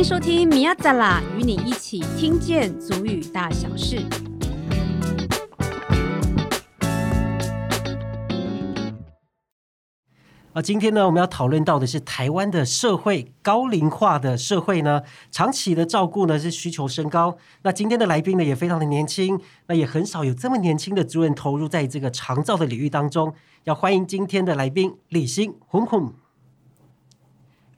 歡迎收聽米亞扎拉，與你一起聽見族語大小事。啊，今天呢，我們要討論到的是台灣的社會高齡化的社會呢，長期的照顧呢是需求升高。那今天的來賓呢也非常的年輕，那也很少有這麼年輕的族人投入在這個長照的領域當中。要歡迎今天的來賓李昕 Humhum。哼哼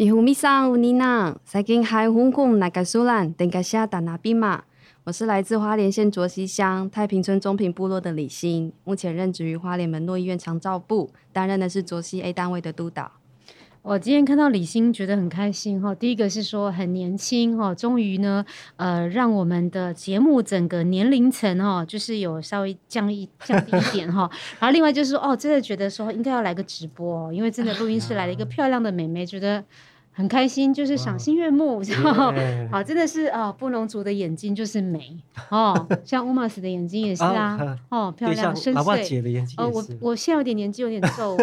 米呼米桑尼娜，塞金海洪洪那個蘇蘭，丁格西達那比馬。我是來自花蓮縣卓溪鄉太平村中平部落的李昕，目前任職於花蓮門諾醫院長照部，擔任的是卓溪 A 單位的督導。我今天看到李昕，覺得很開心哈。第一個是說很年輕哈，終於呢，呃，讓我們的節目整個年齡層哈，就是有稍微降一降低一點哈。 然後另外就是說哦，真的覺得說應該要來個直播喔，因為真的錄音室來了一個漂亮的妹妹 覺得。很開心，就是賞心悅目，wow, yeah. 然後，好，真的是啊、哦，布農族的眼睛就是美哦，像巫瑪斯的眼睛也是啊， 啊哦，漂亮，深邃。哦、我我現在有點年紀，有點瘦。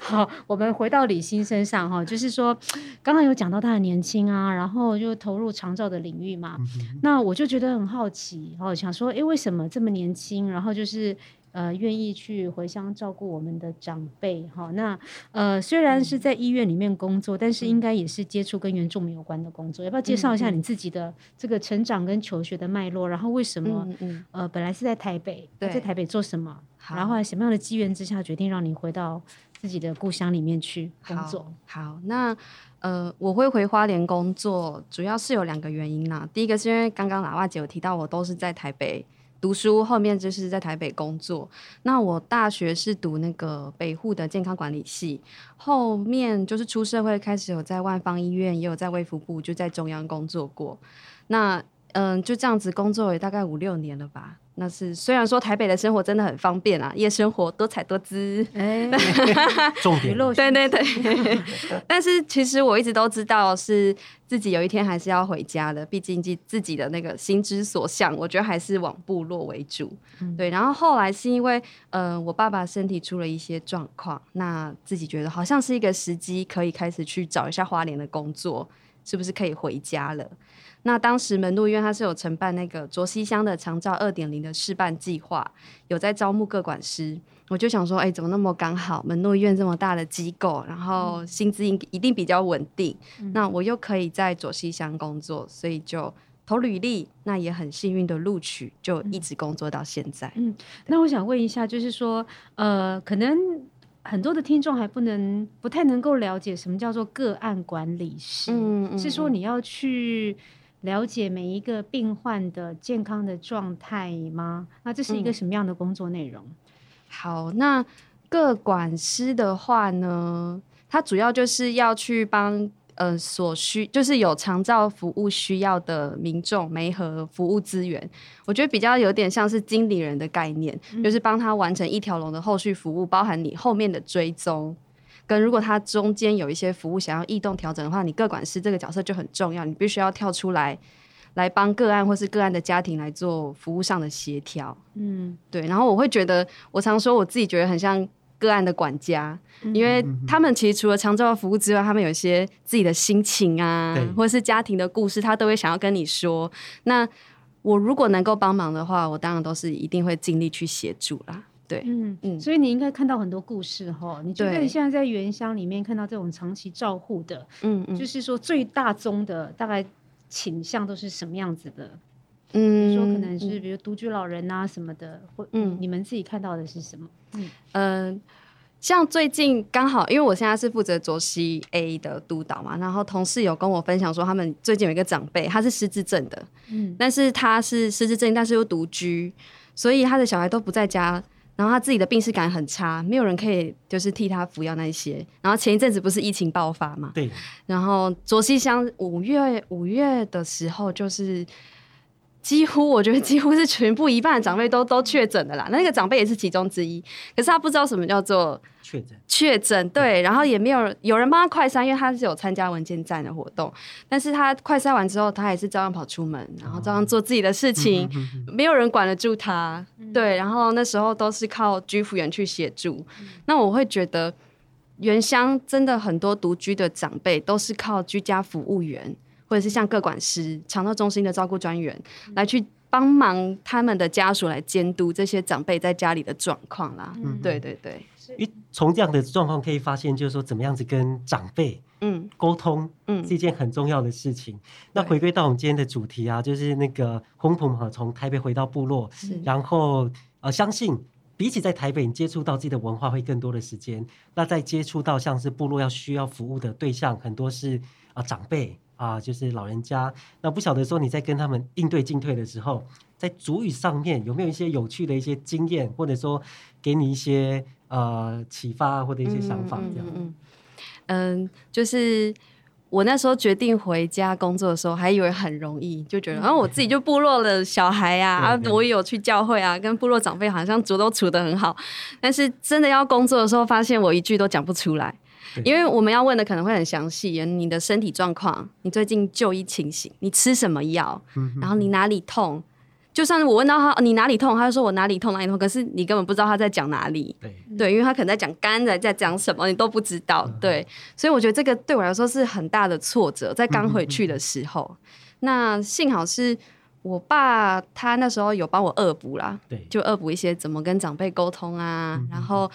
好、 哦，我們回到李昕身上哈、哦，就是說剛剛有講到他很年輕啊，然後又投入長照的領域嘛，嗯、那我就覺得很好奇哦，想說，誒，為什麼這麼年輕？然後就是。呃，願意去回鄉照顧我們的長輩哈。那呃，雖然是在醫院裡面工作，嗯、但是應該也是接觸跟原住民有關的工作。嗯、要不要介紹一下你自己的這個成長跟求學的脈絡？然後為什麼、嗯嗯、呃，本來是在台北，在台北做什麼？好，然後什麼樣的機緣之下決定讓你回到自己的故鄉裡面去工作？好，好，那呃，我會回花蓮工作，主要是有兩個原因啊。第一個是因為剛剛拉娃姐有提到，我都是在台北。讀書，後面就是在台北工作。那我大學是讀那個北護的健康管理系，後面就是出社會開始有在萬芳醫院，也有在衛福部，就在中央工作過。那嗯，就這樣子工作也大概五六年了吧。那是雖然說台北的生活真的很方便啊，夜生活多彩多姿。哎、欸， 重點 對對對。 但是其實我一直都知道是自己有一天還是要回家的，畢竟自自己的那個心之所向，我覺得還是往部落為主。嗯、對，然後後來是因為呃我爸爸身體出了一些狀況，那自己覺得好像是一個時機，可以開始去找一下花蓮的工作。是不是可以回家了？那當時門諾醫院它是有承辦那個卓溪鄉的長照二點零的試辦計劃，有在招募各管師。我就想說，哎、欸，怎麼那麼剛好？門諾醫院這麼大的機構，然後薪資應一定比較穩定、嗯。那我又可以在卓溪鄉工作，所以就投履歷。那也很幸運的錄取，就一直工作到現在嗯。嗯，那我想問一下，就是說，呃，可能。很多的聽眾還不能不太能夠了解什麼叫做個案管理師，嗯嗯，是說你要去了解每一個病患的健康的狀態嗎？那這是一個什麼樣的工作內容？嗯。好，那個管師的話呢，他主要就是要去幫。呃，所需，就是有長照服務需要的民眾，媒合服務資源，我覺得比較有點像是經理人的概念，嗯、就是幫他完成一條龍的後續服務，包含你後面的追蹤，跟如果他中間有一些服務想要異動調整的話，你個管師這個角色就很重要，你必須要跳出來，來幫個案或是個案的家庭來做服務上的協調。嗯，對。然後我會覺得，我常說我自己覺得很像。個案的管家，因為他們其實除了長照服務之外，他們有一些自己的心情啊，或者是家庭的故事，他都會想要跟你說。那我如果能夠幫忙的話，我當然都是一定會盡力去協助啦。對，嗯嗯，所以你應該看到很多故事哈、哦。你覺得你現在在原鄉裡面看到這種長期照護的，嗯嗯，就是說最大宗的大概傾向都是什麼樣子的？嗯，說可能是比如獨居老人啊什麼的，嗯、或你你們自己看到的是什麼？嗯，嗯呃、像最近剛好，因為我現在是負責卓溪 A 的督導嘛，然後同事有跟我分享說，他們最近有一個長輩，他是失智症的，嗯，但是他是失智症，但是又獨居，所以他的小孩都不在家，然後他自己的病識感很差，沒有人可以就是替他服藥那一些，然後前一陣子不是疫情爆發嘛，對，然後卓溪鄉五月五月的時候就是。幾乎我覺得幾乎是全部一半的長輩都都確診的啦，那那個長輩也是其中之一。可是他不知道什麼叫做確診，確診對、嗯，然後也沒有有人幫他快篩，因為他是有參加文件站的活動。但是他快篩完之後，他也是照樣跑出門，然後照樣做自己的事情，哦、沒有人管得住他、嗯。對，然後那時候都是靠居服員去協助、嗯。那我會覺得，原鄉真的很多獨居的長輩都是靠居家服務員。或者是像個管師、長照中心的照顧專員來去幫忙他們的家屬來監督這些長輩在家裡的狀況啦。嗯，對對對。因為從這樣的狀況可以發現，就是說怎麼樣子跟長輩嗯溝通嗯是一件很重要的事情。嗯、那回歸到我們今天的主題啊，就是那個 Humhum 啊，從台北回到部落，是然後呃，相信比起在台北你接觸到自己的文化會更多的時間。那在接觸到像是部落要需要服務的對象，很多是啊、呃、長輩。啊，就是老人家，那不曉得說你在跟他們應對進退的時候，在族語上面有沒有一些有趣的一些經驗，或者說給你一些呃啟發、啊、或者一些想法這樣嗯嗯嗯嗯？嗯，就是我那時候決定回家工作的時候，還以為很容易，就覺得啊、嗯、我自己就部落的小孩呀、啊，啊，我也有去教會啊，跟部落長輩好像族都處得很好，但是真的要工作的時候，發現我一句都講不出來。因為我們要問的可能會很詳細，你的身體狀況，你最近就醫情形，你吃什麼藥，然後你哪裡痛， 就算是我問到他你哪裡痛，他就說我哪裡痛哪裡痛，可是你根本不知道他在講哪裡，對，對，因為他可能在講肝的，在講什麼你都不知道，對、嗯，所以我覺得這個對我來說是很大的挫折，在剛回去的時候， 那幸好是我爸他那時候有幫我惡補啦，對，就惡補一些怎麼跟長輩溝通啊， 然後。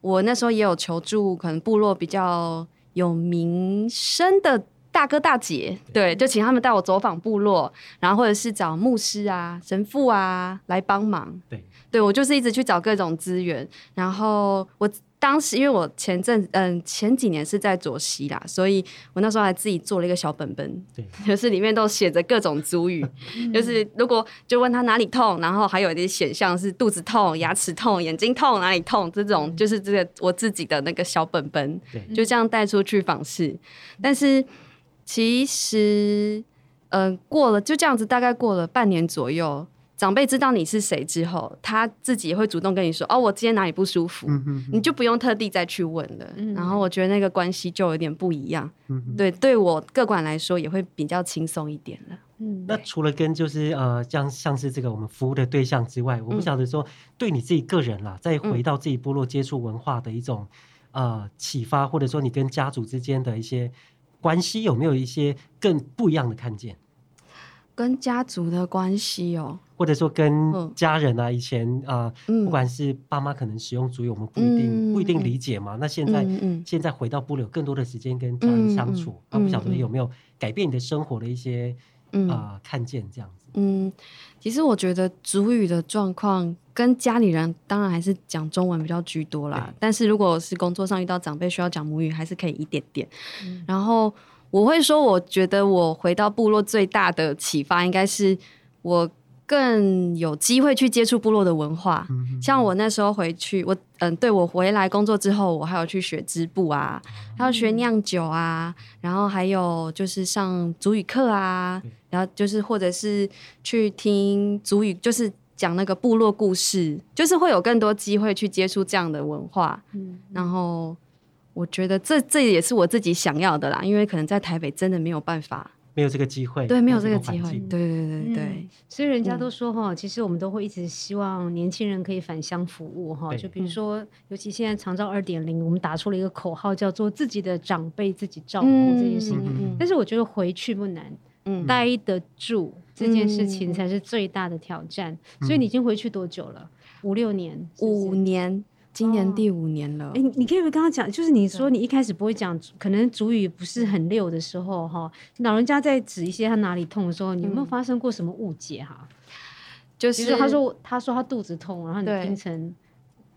我那時候也有求助，可能部落比較有名聲的大哥大姐，對，對，就請他們帶我走訪部落，然後或者是找牧師啊、神父啊來幫忙。對，對，我就是一直去找各種資源，然後我。當時因為我前陣子嗯，前幾年是在卓溪啦，所以我那時候還自己做了一個小本本，對，就是裡面都寫着各種族語。 就是如果就問他哪裡痛，然後還有一些選項是肚子痛、牙齒痛、眼睛痛、哪裡痛這種，就是這個我自己的那個小本本，對，就這樣帶出去訪視。但是其實，嗯，過了就這樣子，大概過了半年左右。長輩知道你是誰之後，他自己也會主動跟你說：“哦，我今天哪裡不舒服。嗯哼哼，”你就不用特地再去問了，嗯。然後我覺得那個關係就有點不一樣。嗯、對，對我個管來說也會比較輕鬆一點了。嗯、那除了跟就是呃，像像是這個我們服務的對象之外，嗯、我不曉得說對你自己個人啦，再回到自己部落接觸文化的一種、嗯、呃啟發，或者說你跟家族之間的一些關係，有沒有一些更不一樣的看見？跟家族的關係哦。或者說跟家人啊，以前啊、呃嗯，不管是爸媽，可能使用族語，嗯，我們不一定、嗯、不一定理解嘛。嗯、那現在、嗯嗯、現在回到部落，有更多的時間跟家人相處，我、嗯嗯啊、不曉得有沒有改變你的生活的一些啊、嗯呃，看見這樣子。嗯，其實我覺得族語的狀況跟家裡人當然還是講中文比較居多啦。欸、但是如果是工作上遇到長輩需要講母語，還是可以一點點。嗯、然後我會說，我覺得我回到部落最大的啟發應該是我。更有機會去接觸部落的文化，像我那時候回去，我嗯，對我回來工作之後，我還有去學織布啊，還有學釀酒啊，然後還有就是上族語課啊，然後就是或者是去聽族語，就是講那個部落故事，就是會有更多機會去接觸這樣的文化、嗯。然後我覺得這這也是我自己想要的啦，因為可能在台北真的沒有辦法。沒有這個機會，對，沒有這個機會，對對對對、嗯、對。所以人家都說哈、哦嗯，其實我們都會一直希望年輕人可以返鄉服務哈、哦。就比如說、嗯，尤其現在長照二點零，我們打出了一個口號，叫做“自己的長輩自己照顧”這件事情嗯嗯嗯嗯。但是我覺得回去不難嗯嗯，待得住這件事情才是最大的挑戰。嗯、所以你已經回去多久了？五六年是不是，五年。今年第五年了，哎、哦欸，你可以不跟他講，就是你說你一開始不會講，可能主語不是很溜的時候，哈，老人家在指一些他哪裡痛的時候，說你有沒有發生過什麼誤解哈、啊嗯？就是、就是、他說他說他肚子痛，然後你聽成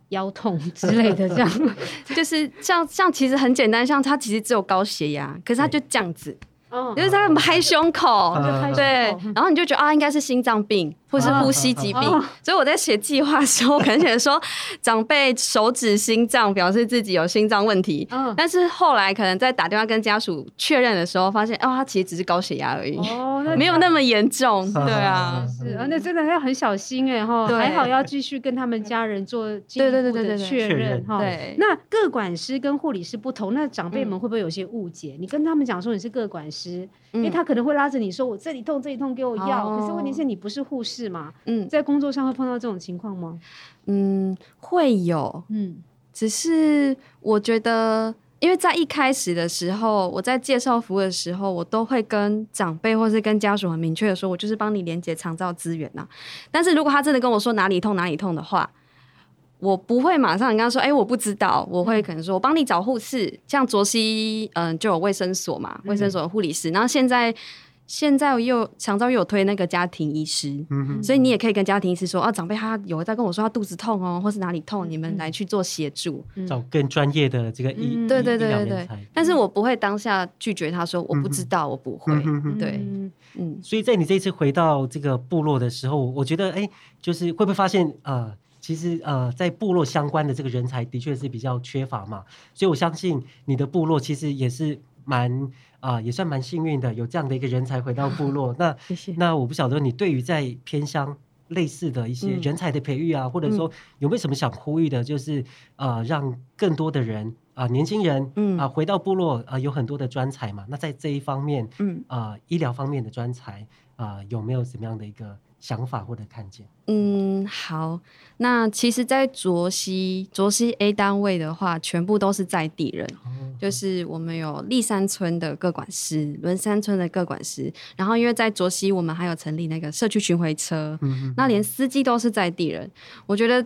腰痛之類的這樣， 就是像像其實很簡單，像他其實只有高血壓，可是他就這樣子。哦、就是他們拍胸口，嗯、對、嗯，然後你就覺得啊，應該是心臟病或是呼吸疾病，嗯嗯嗯、所以我在寫計劃的時候、嗯、我可能寫說長輩手指心臟，表示自己有心臟問題。嗯，但是後來可能在打電話跟家屬確認的時候，發現哦，他其實只是高血壓而已，哦，那沒有那麼嚴重。對啊，是，是，是，是啊，那真的要很小心哎，哈，還好要繼續跟他們家人做經對對對對對確認哈。對，那個、個、管師跟護理師不同，那長輩們會不會有些誤解？你跟他們講說你是個管師。因為他可能會拉着你說，我這裡痛，嗯、這裡痛，給我藥、哦。可是問題是，你不是護士嘛？嗯，在工作上會碰到這種情況嗎？嗯，會有。嗯，只是我覺得，因為在一開始的時候，我在介紹服務的時候，我都會跟長輩或是跟家屬很明確的說，我就是幫你連接長照資源吶、啊。但是如果他真的跟我說哪裡痛哪裡痛的話，我不會馬上，跟他說，哎、欸，我不知道，我會可能說，我幫你找護士，像卓溪，嗯，就有衛生所嘛，衛生所的護理師。那、嗯、現在，現在又長照又有推那個家庭醫師、嗯，所以你也可以跟家庭醫師說，啊，長輩他有在跟我說他肚子痛哦、喔，或是哪裡痛，嗯、你們來去做協助、嗯，找更專業的這個醫,、嗯、醫。對對對對對。但是我不會當下拒絕他說，我不知道，嗯、我不會。嗯、對，嗯。所以在你這次回到這個部落的時候，我覺得，哎、欸，就是會不會發現，呃。其實呃，在部落相關的這個人才的確是比較缺乏嘛，所以我相信你的部落其實也是蠻啊、呃，也算蠻幸運的，有這樣的一個人才回到部落。 那謝謝，那我不曉得你對於在偏鄉類似的一些人才的培育啊，嗯、或者說有沒有什麼想呼籲的，就是呃，讓更多的人啊、呃，年輕人啊、嗯呃，回到部落啊、呃，有很多的專才嘛。那在這一方面，嗯啊、呃，醫療方面的專才啊、呃，有沒有什麼樣的一個？想法或者看見，嗯，好，那其實，在卓溪，卓溪 A 單位的話，全部都是在地人，嗯、就是我們有立山村的個管師，崙山村的個管師，然後因為在卓溪，我們還有成立那個社區巡迴車、嗯，那連司機都是在地人。嗯、我覺得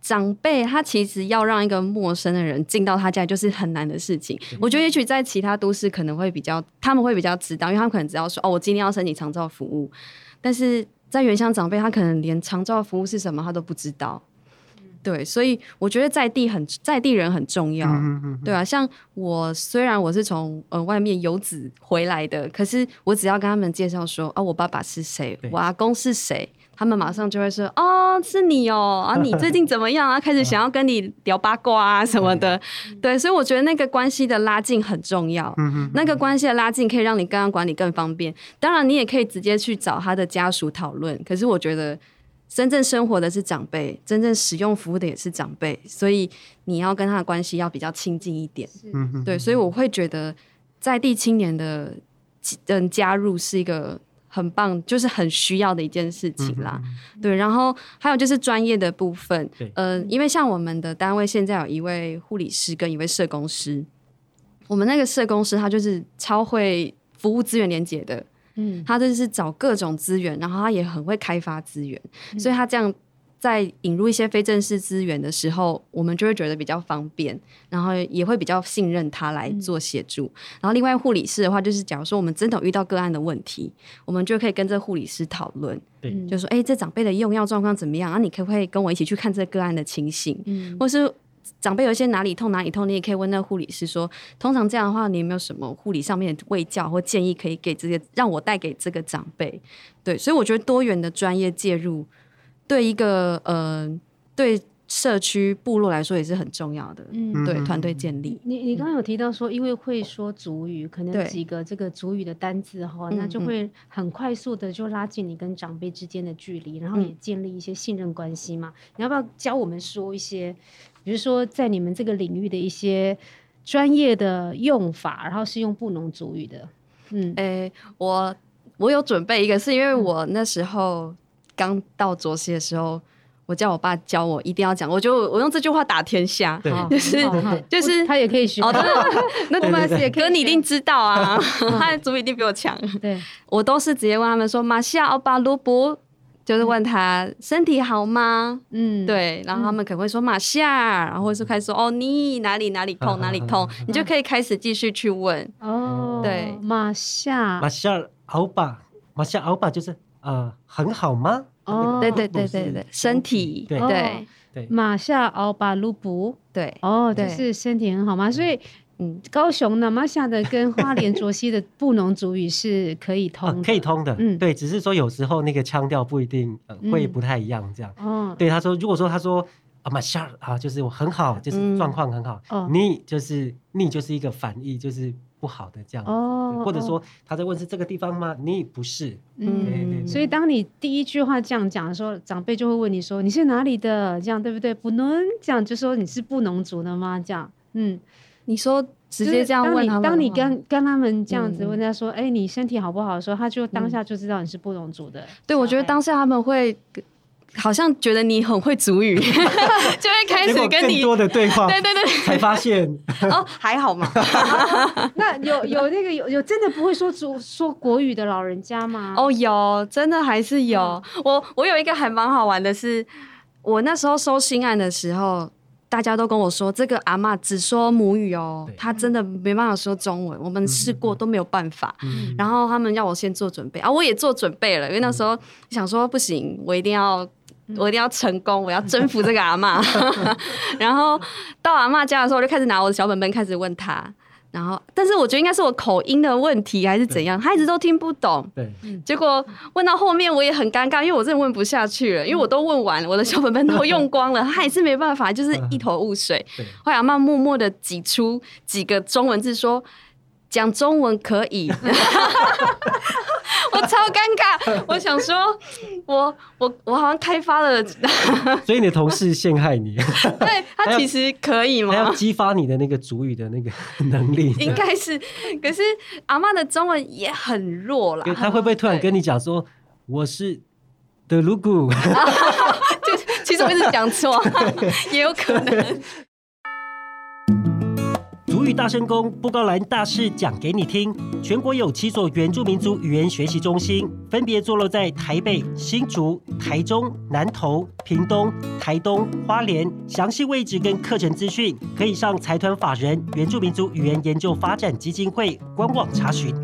長輩他其實要讓一個陌生的人進到他家，就是很難的事情。嗯、我覺得也許在其他都市可能會比較，他們會比較知道，因為他們可能只要說哦，我今天要申請長照服務，但是。在原鄉長輩，他可能連長照服務是什麼，他都不知道。嗯。對，所以我覺得在地很，在地人很重要，嗯哼哼。對啊。像我，雖然我是從呃外面遊子回來的，可是我只要跟他們介紹說啊，我爸爸是誰，我阿公是誰。他們馬上就會說：“哦，是你哦、喔，啊，你最近怎麼樣啊？” 開始想要跟你聊八卦啊什麼的， 對，所以我覺得那個關係的拉近很重要。嗯哼，那個關係的拉近可以讓你剛剛管理更方便。當然，你也可以直接去找他的家屬討論。可是我覺得，真正生活的是長輩，真正使用服務的也是長輩，所以你要跟他的關係要比較親近一點。嗯 對，所以我會覺得在地青年的嗯加入是一個。很棒，就是很需要的一件事情啦。嗯、對，然後還有就是專業的部分，嗯、呃，因為像我們的單位現在有一位護理師跟一位社工師，我們那個社工師他就是超會服務資源連接的，嗯，他就是找各種資源，然後他也很會開發資源，嗯、所以他這樣。在引入一些非正式資源的時候，我們就會覺得比較方便，然後也會比較信任他來做協助、嗯。然後另外護理師的話，就是假如說我們真的遇到個案的問題，我們就可以跟這護理師討論、嗯，就說：“哎、欸，這長輩的用藥狀況怎麼樣？然、啊、你可不可以跟我一起去看這個個案的情形？嗯、或是長輩有一些哪裡痛哪裡痛，你也可以問那護理師說：通常這樣的話，你有沒有什麼護理上面的衛教或建議可以給這些、個、讓我帶給這個長輩？對，所以我覺得多元的專業介入。”對一個嗯、呃，對社區部落來說也是很重要的。嗯，對團隊建立。你你剛剛有提到說，因為會說族語、嗯，可能幾個這個族語的單字哈、哦，那就會很快速的就拉近你跟長輩之間的距離，嗯、然後也建立一些信任關係嘛、嗯。你要不要教我們說一些，比如說在你們這個領域的一些專業的用法，然後是用布農族語的？嗯，哎、欸，我我有準備一個，是因為我那時候。嗯剛到卓溪的時候，我叫我爸教我一定要講，我就我用這句話打天下，對就是對就是、就是、他也可以學， 哦、對 那沒關係，哥你一定知道啊，他的族語一定比我強。對，我都是直接問他們說馬西亞奧巴盧布， 就是問他、嗯、身體好嗎？嗯，對，然後他們可能會說馬西亞、嗯、然後就開始說、嗯、哦你哪裡哪裡痛、啊、哪裡痛、啊，你就可以開始繼續去問、啊、哦，對，馬西馬下奧巴馬下奧巴就是。呃很好嗎？哦，對對對對對，身體對對對、哦、對，馬夏奧巴魯布對哦，就是身體很好嗎？所以，嗯，高雄那馬夏的跟花蓮卓溪的布農族語是可以通的、 呃，可以通的。嗯，對，只是說有時候那個腔調不一定、呃、會不太一樣這樣。哦、嗯，對，他說，如果說他說啊、呃、馬夏啊，就是我很好，就是狀況很好、嗯，你就是你就是一個反義，就是。不好的這樣子、哦，或者說他在問是這個地方嗎？哦，你不是，嗯對對對，所以當你第一句話這樣講的時候，長輩就會問你說你是哪裡的？這樣對不對？不能講就說你是布農族的嗎？這樣，嗯，你說、就是、你直接這樣問，當你跟跟他們這樣子問他說，哎、嗯欸，你身體好不好的時候，他就當下就知道你是布農族的、嗯。對，我覺得當下他們會。好像覺得你很會族語， 就會開始跟你多的對話。 對對對，對，才發現哦， 還好嘛嗎。 那有有那個有有真的不會說族說國語的老人家嗎？哦，有，真的還是有。嗯、我我有一個還蠻好玩的是，是我那時候收新案的時候，大家都跟我說，這個阿嬤只說母語哦，她真的沒辦法說中文，我們試過都沒有辦法、嗯。然後他們要我先做準備啊，我也做準備了，因為那時候想說不行，我一定要。我一定要成功，我要征服這個阿嬤。 然後到阿嬤家的時候，我就開始拿我的小本本開始問他。然後，但是我覺得應該是我口音的問題，還是怎樣？她一直都聽不懂。對。結果問到後面，我也很尷尬，因為我真的問不下去了，因為我都問完了，我的小本本都用光了，她 也是沒辦法，就是一頭霧水。後來阿嬤默默的擠出幾個中文字說。講中文可以， 我超尷尷尬。 我想說我，我我我好像開發了， 所以你的同事陷害你。 對，他其實可以嗎？他要，要激發你的那個族語的那個能力， 應該是。可是阿媽的中文也很弱啦，他會不會突然跟你講說我是德魯固？就 其實我一直講錯， 也有可能。玉大聲公布告欄大事講給你聽，全國有七所原住民族語言學習中心，分別坐落在台北、新竹、台中、南投、屏東、台東、花蓮。詳細位置跟課程資訊，可以上財團法人原住民族語言研究發展基金會官網查詢。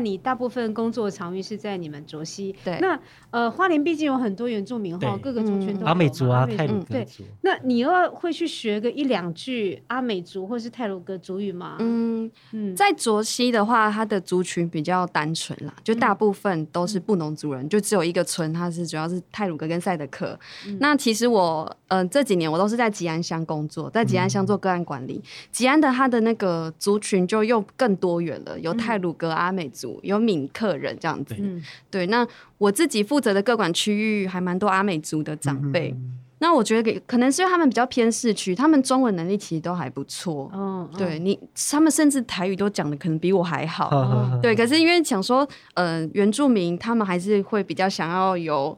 你大部分工作場域是在你們卓西，對。那呃，花蓮畢竟有很多原住民，哈，各個族群都有、嗯。阿美族啊，太魯閣族。太魯閣族嗯、對、嗯，那你又要會去學個一兩句阿美族或是太魯閣族語嗎？嗯嗯，在卓西的話，它的族群比較單純啦、嗯，就大部分都是布農族人、嗯，就只有一個村，它是主要是太魯閣跟賽德克、嗯。那其實我，嗯、呃，這幾年我都是在吉安鄉工作，在吉安鄉做個案管理、嗯。吉安的它的那個族群就又更多元了，嗯、有太魯閣、阿美族。有閩客人這樣子、嗯，對，那我自己負責的個管區域還蠻多阿美族的長輩、嗯。那我覺得，可能是因為他們比較偏市區，他們中文能力其實都還不錯。嗯、哦，對你、哦、你，他們甚至台語都講的可能比我還好、哦。對，可是因為想說，嗯、呃，原住民他們還是會比較想要有。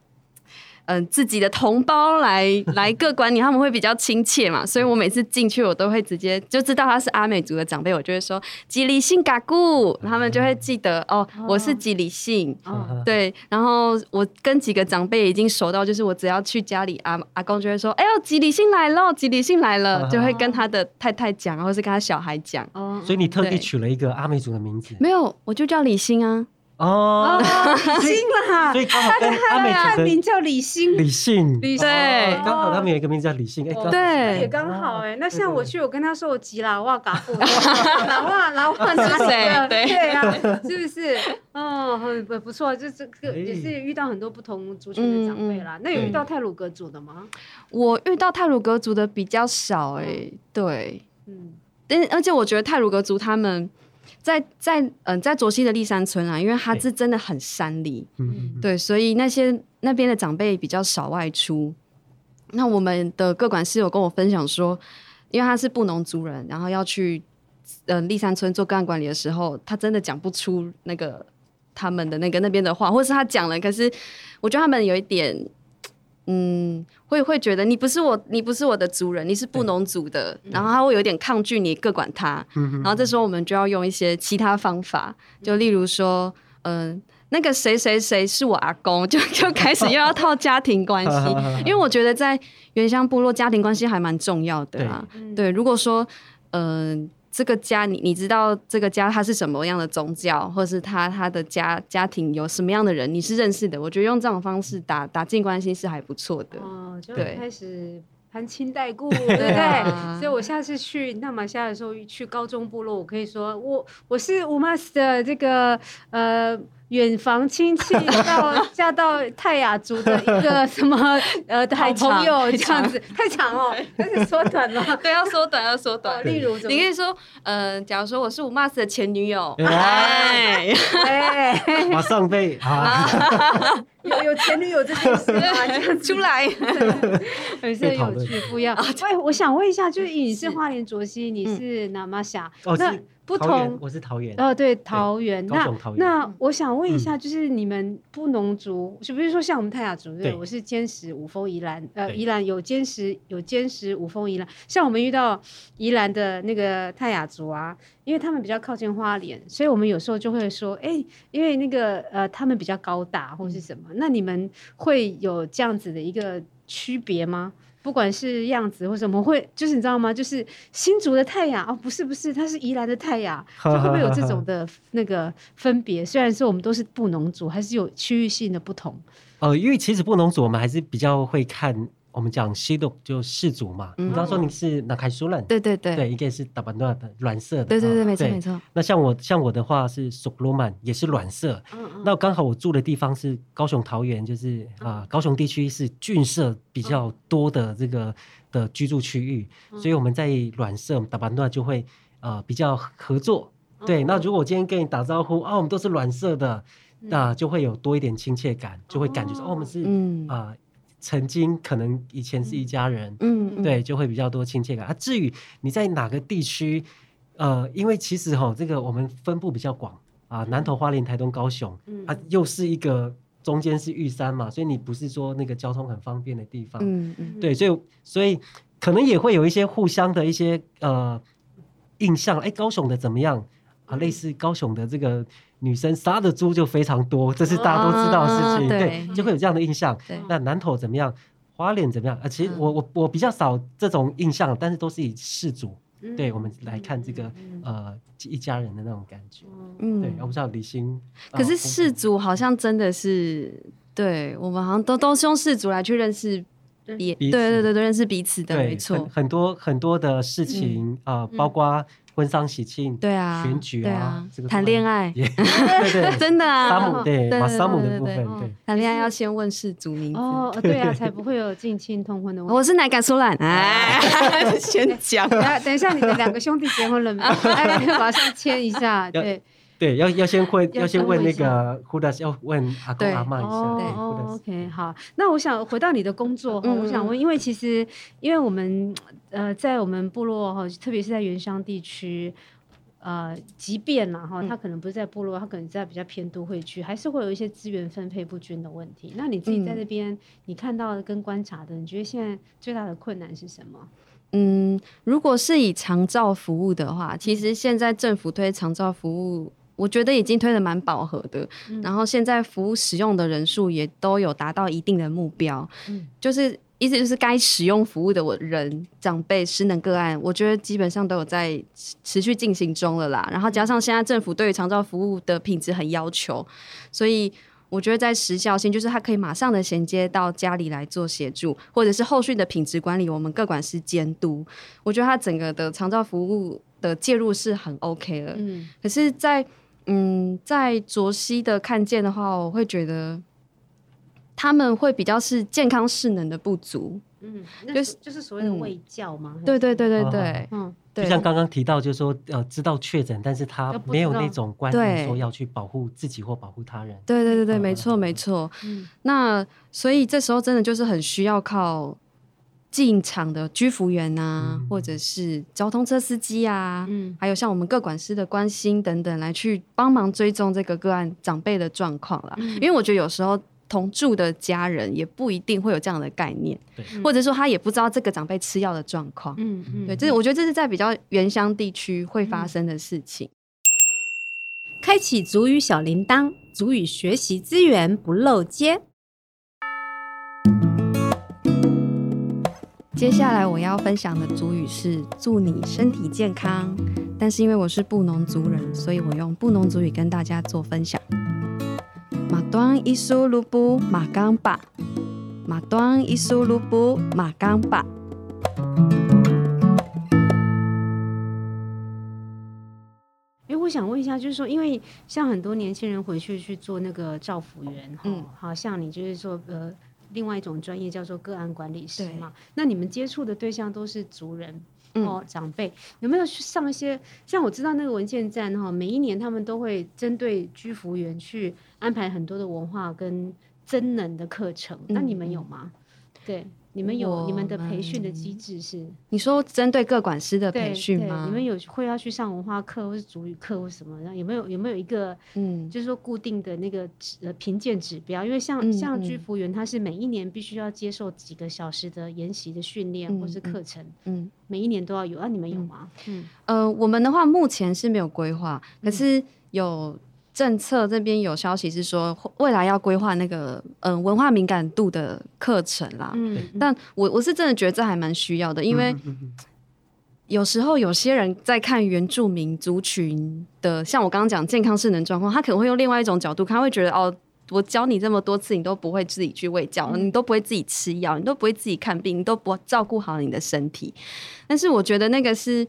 嗯、呃，自己的同胞來來各管你，他們會比較親切嘛， 所以我每次進去，我都會直接就知道他是阿美族的長輩，我就會說吉裡性嘎咕，他們就會記得哦、嗯，我是吉裡性、嗯嗯，對，然後我跟幾個長輩已經熟到，就是我只要去家裡，阿阿公就會說，哎呦，吉裡性來了，吉裡性來了、嗯，就會跟他的太太講，或者是跟他小孩講。哦、嗯，所以你特地取了一個阿美族的名字？沒有，我就叫李昕啊。哦， 李昕啦，所以，所以好跟阿漢、哎、名叫李昕，李昕，哦，對，剛、哦、好他們有一個名字，叫李昕，哎、哦欸，對，也剛好哎、欸哦，那像我去，對對對，我跟他說我急了，我要搞副，老 話，老話，老誰，對啊，對，是不是？哦、嗯，很不，不錯，就這個也是遇到很多不同族群的長輩啦、嗯。那有遇到太魯閣族的嗎？我遇到太魯閣族的比較少、欸，哎，對，嗯，但而且我覺得太魯閣族他們。在在嗯，在卓溪的立山村啊，因為他是真的很山裡、欸，對，所以那些那邊的長輩比較少外出。那我們的個管師有跟我分享說，因為他是布農族人，然後要去嗯立山村做個案管理的時候，他真的講不出那個他們的那個那邊的話，或者是他講了，可是我覺得他們有一點。嗯，會會覺得你不是我，你不是我的族人，你是布農族的，然後他會有點抗拒你各管他，然後這時候我們就要用一些其他方法， 就例如說，嗯、呃，那個誰誰誰是我阿公，就就開始又要套家庭關係， 因為我覺得在原鄉部落，家庭關係還蠻重要的啦、啊，對，如果說，嗯、呃。這個家，你你知道這個家他是什麼樣的宗教，或是他他的家家庭有什麼樣的人，你是認識的。我覺得用這種方式打打近關係是還不錯的。哦，就很開始攀親帶故，對不對？ 所以，我下次去那馬夏的時候，去高中部落，我可以說，我我是巫瑪斯的這個呃。遠房親戚到嫁到泰雅族的一個什麼呃，好 朋友這樣子，太長，太長了，但是縮短了對。啊，對，要縮短要縮短。例如，你可以說，呃，假如說我是巫瑪斯的前女友，欸欸馬上被啊，啊，啊有，有有前女友這件事這這出來，很有趣，不一樣。哎，我想問一下，就你是影視花蓮卓溪，是你是那瑪夏？那，哦不同，我是桃源。哦，對，桃源。那那，那我想問一下，就是你們布農族，就比如說像我們泰雅族對，對，我是尖石五峰宜蘭，呃，宜蘭有尖石有尖石五峰宜蘭。像我們遇到宜蘭的那個泰雅族啊，因為他們比較靠近花蓮，所以我們有時候就會說，哎，因為那個呃他們比較高大或是什麼，嗯，那你們會有這樣子的一個區別嗎？不管是樣子或者我們會，就是你知道嗎？就是新竹的泰雅哦，不是不是，它是宜蘭的泰雅，就會不會有這種的那個分別？ 雖然說我們都是布農族，還是有區域性的不同。呃，因為其實布農族我們還是比較會看。我們講西都就氏族嘛，嗯、你比方說你是 Nahaisulan。對對對，對應該是 Takbanuaz 的巒社的。對對對，沒錯沒錯。那像我像我的話是索克洛曼，也是巒社，嗯嗯。那剛好我住的地方是高雄桃源，就是啊、呃嗯、高雄地區是郡社比較多的這個、嗯、的居住區域，所以我們在巒社 Takbanuaz 就會、呃、比較合作、嗯。對，那如果我今天跟你打招呼啊，我們都是巒社的，那、嗯呃、就會有多一點親切感，就會感覺說、嗯、哦我們是啊。嗯呃曾經可能以前是一家人，嗯，對，就會比較多親切感啊、嗯嗯。至於你在哪個地區，呃，因為其實吼，這個我們分布比較廣啊、呃，南投、花蓮、台東、高雄，啊、呃，又是一個中間是玉山嘛，所以你不是說那個交通很方便的地方，嗯嗯，對，所以所以可能也會有一些互相的一些呃印象。哎，高雄的怎麼樣啊？類似高雄的這個。女生殺的豬就非常多，這是大家都知道的事情，對，對，對，就會有這樣的印象。那男頭怎麼樣？花蓮怎麼樣？啊、呃，其實我我、嗯、我比較少這種印象，但是都是以氏族、嗯、對我們來看這個嗯嗯嗯呃一家人的那種感覺。嗯，對，我不知道李昕。可是氏族好像真的是，對我們好像都都是用氏族來去認識別，別對，對對對對認識彼此的，對沒錯，很多很多的事情啊、嗯呃，包括。嗯婚喪喜慶，對啊，選舉啊，談戀、啊這個、愛 yeah, 對對對，真的啊，馬對馬三的部分，對談戀愛要先問氏族名哦、喔，對啊，才不會有近親通婚， 婚的問題。我是 Nahaisulan，啊、 先講、欸，等一下你的兩個兄弟結婚了沒有、 哎，馬上簽一下，對。對，要要先會要先問那個，要，問，who does, 要問阿公阿媽一下。對，哦，OK，好。那我想回到你的工作哈，嗯，我想問，因為其實因為我們呃，在我們部落哈，特別是在原鄉地區，呃，即便然哈，他可能不是在部落，他可能在比較偏都會區，嗯，還是會有一些資源分配不均的問題。那你自己在這邊，嗯，你看到的跟觀察的，你覺得現在最大的困難是什麼？嗯，如果是以長照服務的話，其實現在政府推長照服務。嗯我覺得已經推得蠻飽和的、嗯，然後現在服務使用的人數也都有達到一定的目標，嗯、就是意思就是該使用服務的我人長輩失能個案，我覺得基本上都有在持續進行中了啦。然後加上現在政府對於長照服務的品質很要求，所以我覺得在時效性，就是它可以馬上的銜接到家裡來做協助，或者是後續的品質管理，我們個管師監督，我覺得它整個的長照服務的介入是很 OK 了。嗯、可是，在嗯，在卓溪的看見的話，我會覺得他們會比較是健康勢能的不足，嗯，就是就是所謂的衛教嘛，嗯，對對對對、哦、對，嗯，就像剛剛提到，就是說呃，知道確診，但是他沒有那種觀念說要去保護自己或保護他人，對對對對，嗯、沒錯沒錯，嗯，那所以這時候真的就是很需要靠。進場的居服員啊、嗯，或者是交通車司機啊，嗯，還有像我們個管師的關心等等，來去幫忙追蹤這個個案長輩的狀況了、嗯。因為我覺得有時候同住的家人也不一定會有這樣的概念，嗯，或者說他也不知道這個長輩吃藥的狀況。嗯嗯，對，這、嗯、是我覺得這是在比較原鄉地區會發生的事情。嗯嗯，開啟族語小鈴鐺，族語學習資源不漏接。接下來我要分享的族語是“祝你身體健康”，但是因為我是布農族人，所以我用布農族語跟大家做分享。馬端伊蘇盧布馬剛巴，馬端伊蘇盧布馬剛巴。哎，我想問一下，就是說，因為像很多年輕人回去去做那個照服員，嗯，好像你就是做，呃。另外一種專業叫做個案管理師嘛，那你們接觸的對象都是族人、嗯、哦，長輩，有沒有去上一些？像我知道那個文健站哈，每一年他們都會針對居服員去安排很多的文化跟增能的課程，嗯，那你們有嗎？嗯、對。你們有我們，你們的培訓的機制是？你說針對個管師的培訓嗎？你們有會要去上文化課或是族語課或什麼的？然後有沒有有沒有一個嗯，就是說固定的那個呃評鑑指標？因為像、嗯、像居服員他是每一年必須要接受幾個小時的研習的訓練或是課程，嗯，嗯，每一年都要有。那、啊、你們有嗎嗯？嗯，呃，我們的話目前是沒有規劃，嗯、可是有。政策這邊有消息是說，未來要規劃那個嗯、呃、文化敏感度的課程啦。嗯，但我我是真的覺得這還蠻需要的，因為有時候有些人在看原住民族群的，像我剛剛講健康智能狀況，他可能會用另外一種角度，他會覺得哦，我教你這麼多次，你都不會自己去餵教、嗯，你都不會自己吃藥，你都不會自己看病，你都不照顧好你的身體。但是我覺得那個是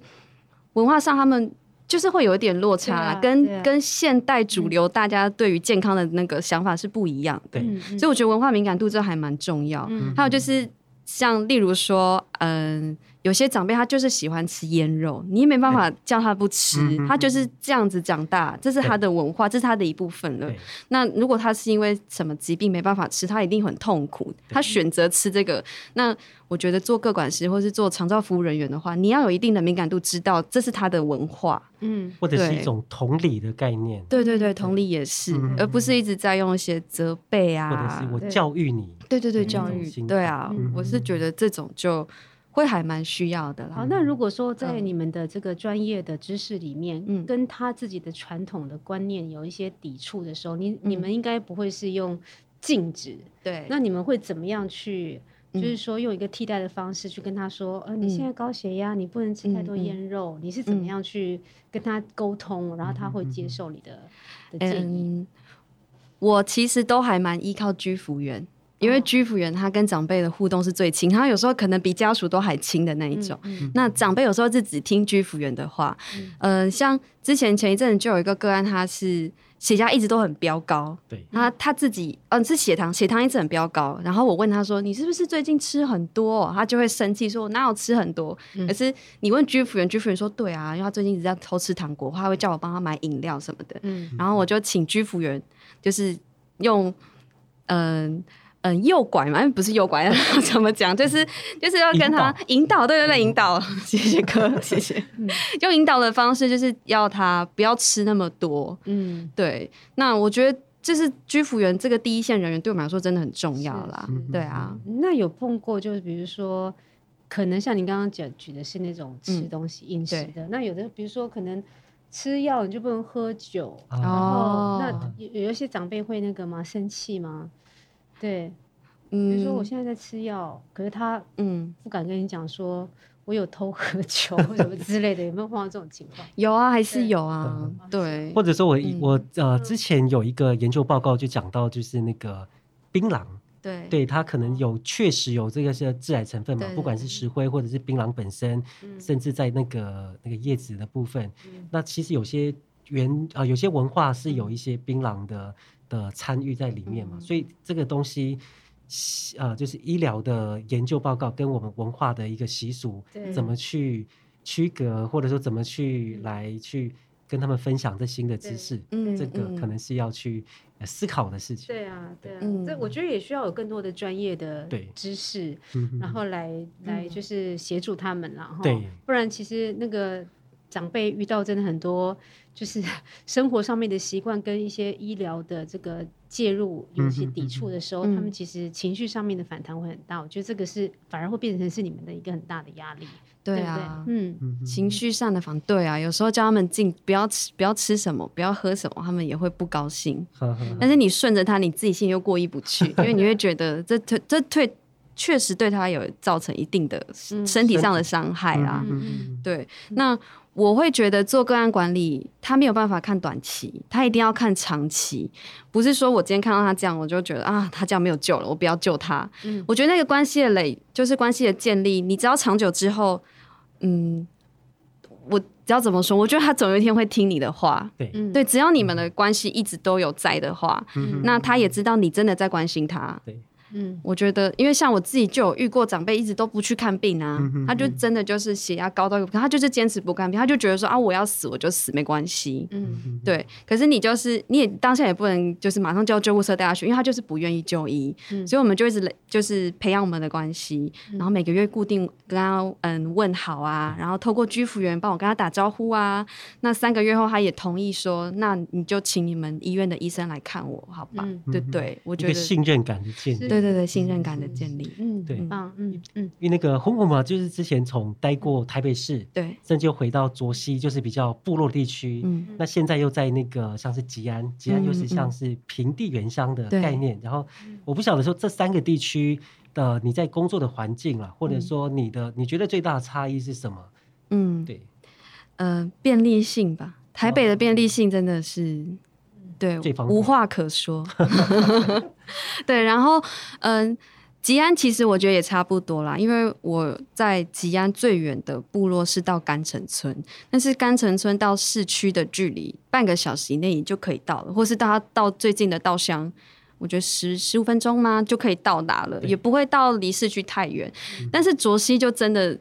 文化上他們。就是會有一點落差，啊啊、跟，啊、跟現代主流大家對於健康的那個想法是不一樣的，對，所以我覺得文化敏感度這還蠻重要。還有就是像例如說，嗯、呃。有些長輩他就是喜歡吃醃肉，你也沒辦法叫他不吃，他就是這樣子長大，這是他的文化，這是他的一部分了。那如果他是因為什麼疾病沒辦法吃，他一定很痛苦。他選擇吃這個，那我覺得做個管師或是做長照服務人員的話，你要有一定的敏感度，知道這是他的文化，嗯，或者是一種同理的概念。對對對，同理也是，而不是一直在用一些責備啊，或者是我教育你。對對對，對，對，對對，教育。對啊，嗯，我是覺得這種就。會還蠻需要的啦。好，那如果說在你們的這個專業的知識裡面，嗯、跟他自己的傳統的觀念有一些抵觸的時候，嗯、你你們應該不會是用禁止，對。那你們會怎麼樣去，就是說用一個替代的方式去跟他說，嗯、呃，你現在高血壓，嗯、你不能吃太多醃肉，嗯，你是怎麼樣去跟他溝通，嗯、然後他會接受你的、嗯、的建議、嗯？我其實都還蠻依靠居服員。因為居服員他跟長輩的互動是最親，他有時候可能比家屬都還親的那一種、嗯嗯。那長輩有時候是只聽居服員的話。嗯，呃、像之前前一陣就有一個個案，他是血壓一直都很飆高。對、嗯，他他自己，嗯、呃，是血糖，血糖一直很飆高。然後我問他說：“你是不是最近吃很多？”他就會生氣說：“我哪有吃很多？”可、嗯、是你問居服員，居服員說：“對啊，因為他最近一直在偷吃糖果，他會叫我幫他買飲料什麼的。”嗯，然後我就請居服員，就是用嗯。呃嗯，誘拐嘛，不是誘拐，怎麼講？就是就是要跟他引導，引導對對對、嗯，引導。謝謝哥，謝謝。嗯、用引導的方式，就是要他不要吃那麼多。嗯，對。那我覺得，就是居服員這個第一線人員，對我們來說真的很重要啦。是是對啊、嗯，那有碰過，就是比如說，可能像你剛剛講舉的是那種吃東西、飲食的。那有的，比如說可能吃藥你就不能喝酒。啊、哦。那有有一些長輩會那個嗎？生氣嗎？對，比如說我現在在吃藥、嗯，可是他嗯不敢跟你講說我有偷喝酒什麼之類的， 有沒有碰到這種情況？有啊，還是有啊。對，嗯、對或者說我我、嗯、呃之前有一個研究報告就講到，就是那個檳榔，對、嗯、對，它可能有確實有這個是自然成分嘛對對對，不管是石灰或者是檳榔本身、嗯，甚至在那個那個葉子的部分、嗯，那其實有些原啊、呃、有些文化是有一些檳榔的。嗯呃，參與在裡面嘛、嗯，所以這個東西，呃，就是醫療的研究報告跟我們文化的一個習俗，怎麼去區隔，或者說怎麼去、嗯、來去跟他們分享這新的知識，嗯，這個可能是要去、嗯呃、思考的事情。對啊，對啊，對嗯、這我覺得也需要有更多的專業的知識，然後來、嗯、來就是協助他們了，對，不然其實那個長輩遇到真的很多。就是生活上面的習慣跟一些醫療的這個介入有一些抵觸的時候、嗯，他們其實情緒上面的反彈會很大、嗯。我覺得這個是反而會變成是你們的一個很大的壓力。對啊，對不對嗯，情緒上的反對啊，有時候叫他們進不要吃，不要吃什麼，不要喝什麼，他們也會不高興。 但是你順着他，你自己心裡又過意不去，因為你會覺得這退這退確實對他有造成一定的身體上的傷害啦、啊。 對，那。我會覺得做個案管理，他沒有辦法看短期，他一定要看長期。不是說我今天看到他這樣，我就覺得啊，他這樣沒有救了，我不要救他。嗯，我覺得那個關係的累，就是關係的建立，你只要長久之後，嗯，我只要怎麼說，我覺得他總有一天會聽你的話。對，對，只要你們的關係一直都有在的話，嗯，那他也知道你真的在關心他。對。嗯，我覺得，因為像我自己就有遇過長輩一直都不去看病啊，他就真的就是血壓高到一個，他就是堅持不看病，他就覺得說啊，我要死我就死，沒關係。嗯，對嗯。可是你就是你也當下也不能就是馬上叫救護車帶他去，因為他就是不願意就醫、嗯，所以我們就一直就是培養我們的關係、嗯，然後每個月固定跟他嗯問好啊、嗯，然後透過居服員幫我跟他打招呼啊。那三個月後他也同意說，那你就請你們醫院的醫生來看我，好吧？嗯、對，對對，我覺得一個信任感的建立。對 信任感的建立，嗯，對，嗯嗯嗯，因為那個 Humhum 嘛，就是之前從待過台北市，對、嗯，這就回到卓溪，就是比較部落地區，嗯，那現在又在那個像是吉安，嗯、吉安又是像是平地原鄉的概念，然後我不曉得說這三個地區的你在工作的環境啊、嗯，或者說你的你覺得最大的差異是什麼？嗯，對，呃，便利性吧，嗯、台北的便利性真的是。對，無話可說。 對，然後，嗯，吉安其實我覺得也差不多啦，因為我在吉安最遠的部落是到干城村，但是干城村到市區的距離半個小時以內就可以到了，或是到到最近的稻香，我覺得十十五分鐘嘛就可以到達了，也不會到離市區太遠。但是卓溪就真的。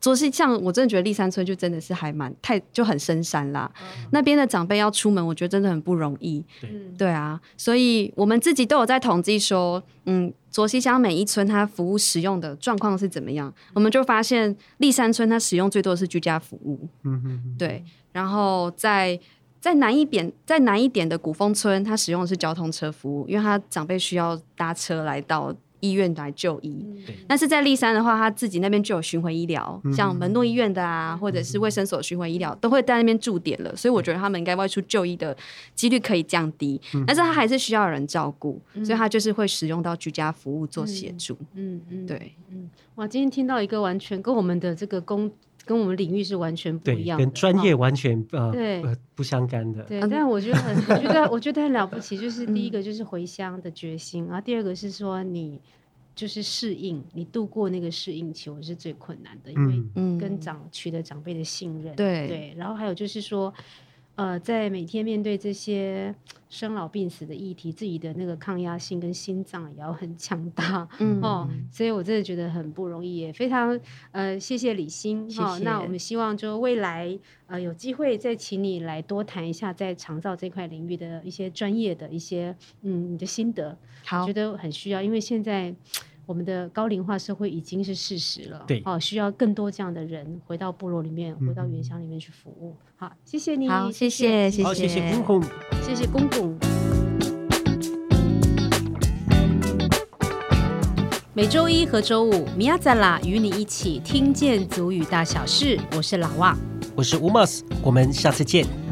卓溪鄉我真的覺得立山村就真的是還蠻太就很深山啦。嗯、那邊的長輩要出門，我覺得真的很不容易。對，對啊，所以我們自己都有在統計說，嗯，卓溪鄉每一村它服務使用的狀況是怎麼樣、嗯，我們就發現立山村它使用最多的是居家服務。嗯嗯，對。然後在再南一點、再南一點的古風村，它使用的是交通車服務，因為它長輩需要搭車來到。醫院來就醫，嗯、但是在立山的話，他自己那邊就有巡迴醫療、嗯，像門諾醫院的啊，嗯、或者是衛生所巡迴醫療、嗯，都會在那邊駐點了，所以我覺得他們應該外出就醫的幾率可以降低、嗯，但是他還是需要有人照顧、嗯，所以他就是會使用到居家服務做協助。嗯嗯，對，嗯，哇、嗯，今天聽到一個完全跟我們的這個工。跟我們領域是完全不一樣的。對，跟專業完全呃不、呃、不相干的。對，但我覺得很，我覺得我覺得很了不起，就是第一個就是回鄉的決心、嗯，然後第二個是說你就是適應，你度過那個適應期我是最困難的，因為跟長、嗯、取得長輩的信任、嗯對，對，然後還有就是說。呃，在每天面對這些生老病死的議題，自己的那個抗壓性跟心臟也要很強大，嗯哦，所以我真的覺得很不容易，也非常呃謝謝李昕好、哦，那我們希望就未來呃有機會再請你來多談一下在長照這塊領域的一些專業的一些嗯你的心得，好，覺得很需要，因為現在。我們的高齡化社會已經是事實了，對，好，需要更多這樣的人回到部落裡面，嗯，回到原鄉裡面去服務。好，謝謝你，好，謝謝，謝謝，謝謝公公，哦嗯，謝謝公公。每周一和周五，miaacara，與你一起聽見族語大小事。我是拉娃，我是巫瑪斯，我們下次見。